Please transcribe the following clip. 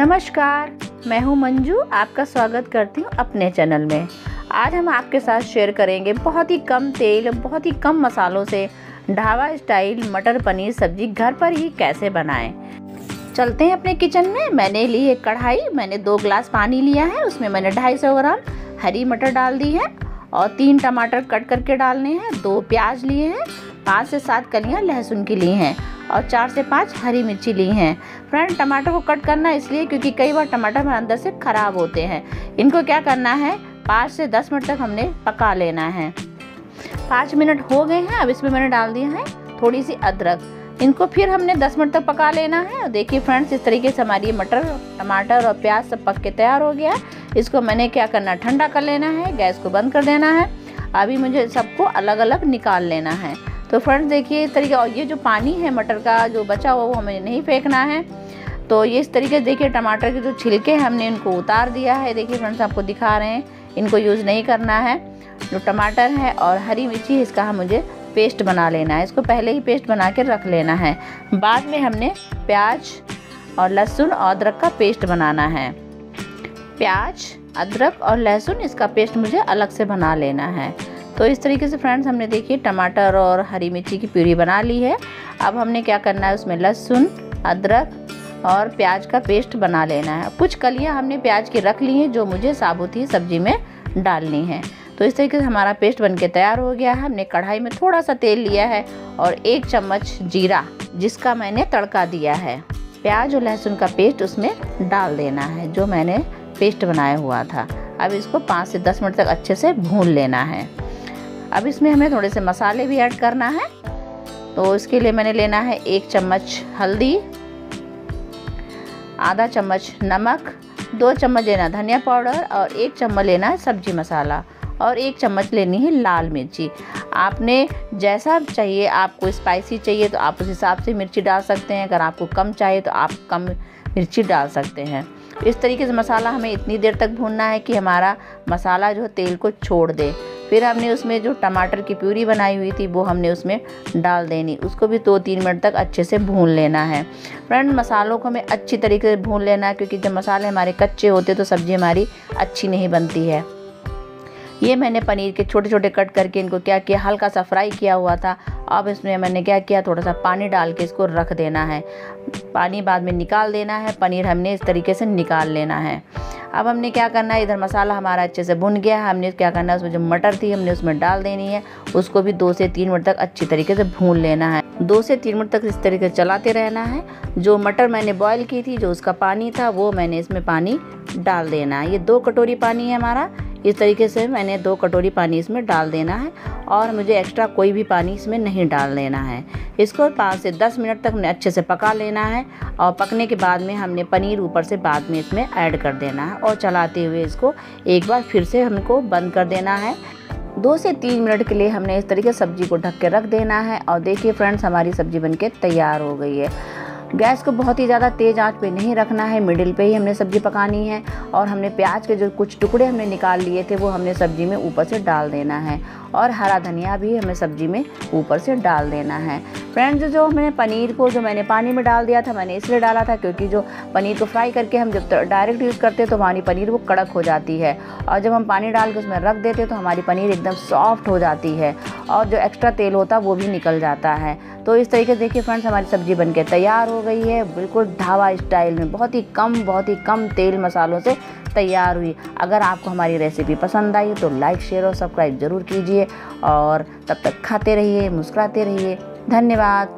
नमस्कार मैं हूं मंजू आपका स्वागत करती हूं अपने चैनल में आज हम आपके साथ शेयर करेंगे बहुत ही कम तेल बहुत ही कम मसालों से ढाबा स्टाइल मटर पनीर सब्जी घर पर ही कैसे बनाएं चलते हैं अपने किचन में मैंने ली है कढ़ाई मैंने दो ग्लास पानी लिया है उसमें मैंने सौ ग्राम हरी मटर डाल दी है और तीन टमाटर कट करके डालने हैं दो प्याज लिए हैं पाँच से सात कलियाँ लहसुन की ली हैं और चार से पाँच हरी मिर्ची ली हैं फ्रेंड टमाटर को कट करना इसलिए क्योंकि कई बार टमाटर हमारे अंदर से ख़राब होते हैं इनको क्या करना है पाँच से दस मिनट तक हमने पका लेना है पाँच मिनट हो गए हैं अब इसमें मैंने डाल दिया है थोड़ी सी अदरक इनको फिर हमने 10 मिनट तक पका लेना है और देखिए फ्रेंड्स इस तरीके से हमारी मटर टमाटर और प्याज सब पक के तैयार हो गया है इसको मैंने क्या करना ठंडा कर लेना है गैस को बंद कर देना है अभी मुझे सबको अलग अलग निकाल लेना है तो फ्रेंड्स देखिए इस तरीके और ये जो पानी है मटर का जो बचा हुआ वो हमें नहीं फेंकना है तो ये इस तरीके से देखिए टमाटर के जो छिलके हैं हमने इनको उतार दिया है देखिए फ्रेंड्स आपको दिखा रहे हैं इनको यूज़ नहीं करना है जो टमाटर है और हरी मिर्ची इसका हम मुझे पेस्ट बना लेना है इसको पहले ही पेस्ट बना के रख लेना है बाद में हमने प्याज और लहसुन और अदरक का पेस्ट बनाना है प्याज अदरक और लहसुन इसका पेस्ट मुझे अलग से बना लेना है तो इस तरीके से फ्रेंड्स हमने देखिए टमाटर और हरी मिर्ची की प्यूरी बना ली है अब हमने क्या करना है उसमें लहसुन अदरक और प्याज का पेस्ट बना लेना है कुछ कलियाँ हमने प्याज की रख ली हैं जो मुझे साबुत ही सब्जी में डालनी है तो इस तरीके से हमारा पेस्ट बनके तैयार हो गया है हमने कढ़ाई में थोड़ा सा तेल लिया है और एक चम्मच जीरा जिसका मैंने तड़का दिया है प्याज और लहसुन का पेस्ट उसमें डाल देना है जो मैंने पेस्ट बनाया हुआ था अब इसको पाँच से दस मिनट तक अच्छे से भून लेना है अब इसमें हमें थोड़े से मसाले भी ऐड करना है तो इसके लिए मैंने लेना है एक चम्मच हल्दी आधा चम्मच नमक दो चम्मच लेना धनिया पाउडर और एक चम्मच लेना है सब्जी मसाला और एक चम्मच लेनी है लाल मिर्ची आपने जैसा चाहिए आपको स्पाइसी चाहिए तो आप उस हिसाब से मिर्ची डाल सकते हैं अगर आपको कम चाहिए तो आप कम मिर्ची डाल सकते हैं इस तरीके से मसाला हमें इतनी देर तक भूनना है कि हमारा मसाला जो है तेल को छोड़ दे फिर हमने उसमें जो टमाटर की प्यूरी बनाई हुई थी वो हमने उसमें डाल देनी उसको भी दो तीन मिनट तक अच्छे से भून लेना है फ्रेंड मसालों को हमें अच्छी तरीके से भून लेना है क्योंकि जब मसाले हमारे कच्चे होते तो सब्ज़ी हमारी अच्छी नहीं बनती है ये मैंने पनीर के छोटे छोटे कट करके इनको क्या किया हल्का सा फ्राई किया हुआ था अब इसमें मैंने क्या किया थोड़ा सा पानी डाल के इसको रख देना है पानी बाद में निकाल देना है पनीर हमने इस तरीके से निकाल लेना है अब हमने क्या करना है इधर मसाला हमारा अच्छे से भुन गया है हमने क्या करना है उसमें जो मटर थी हमने उसमें डाल देनी है उसको भी दो से तीन मिनट तक अच्छी तरीके से भून लेना है दो से तीन मिनट तक इस तरीके से चलाते रहना है जो मटर मैंने बॉईल की थी जो उसका पानी था वो मैंने इसमें पानी डाल देना है ये दो कटोरी पानी है हमारा इस तरीके से मैंने दो कटोरी पानी इसमें डाल देना है और मुझे एक्स्ट्रा कोई भी पानी इसमें नहीं डाल देना है इसको पाँच से दस मिनट तक अच्छे से पका लेना है और पकने के बाद में हमने पनीर ऊपर से बाद में इसमें ऐड कर देना है और चलाते हुए इसको एक बार फिर से हमको बंद कर देना है दो से तीन मिनट के लिए हमने इस तरीके सब्ज़ी को ढक के रख देना है और देखिए फ्रेंड्स हमारी सब्ज़ी बन के तैयार हो गई है गैस को बहुत ही ज़्यादा तेज़ आंच पे नहीं रखना है मिडिल पे ही हमने सब्ज़ी पकानी है और हमने प्याज के जो कुछ टुकड़े हमने निकाल लिए थे वो हमने सब्ज़ी में ऊपर से डाल देना है और हरा धनिया भी हमें सब्जी में ऊपर से डाल देना है फ्रेंड्स जो हमने पनीर को जो मैंने पानी में डाल दिया था मैंने इसलिए डाला था क्योंकि जो पनीर को फ्राई करके हम जब डायरेक्ट यूज़ करते हैं तो हमारी पनीर वो कड़क हो जाती है और जब हम पानी डाल के उसमें रख देते हैं तो हमारी पनीर एकदम सॉफ्ट हो जाती है और जो एक्स्ट्रा तेल होता है वो भी निकल जाता है तो इस तरीके से देखिए फ्रेंड्स हमारी सब्ज़ी के तैयार हो गई है बिल्कुल ढाबा स्टाइल में बहुत ही कम बहुत ही कम तेल मसालों से तैयार हुई अगर आपको हमारी रेसिपी पसंद आई तो लाइक शेयर और सब्सक्राइब ज़रूर कीजिए रहिए और तब तक खाते रहिए मुस्कुराते रहिए धन्यवाद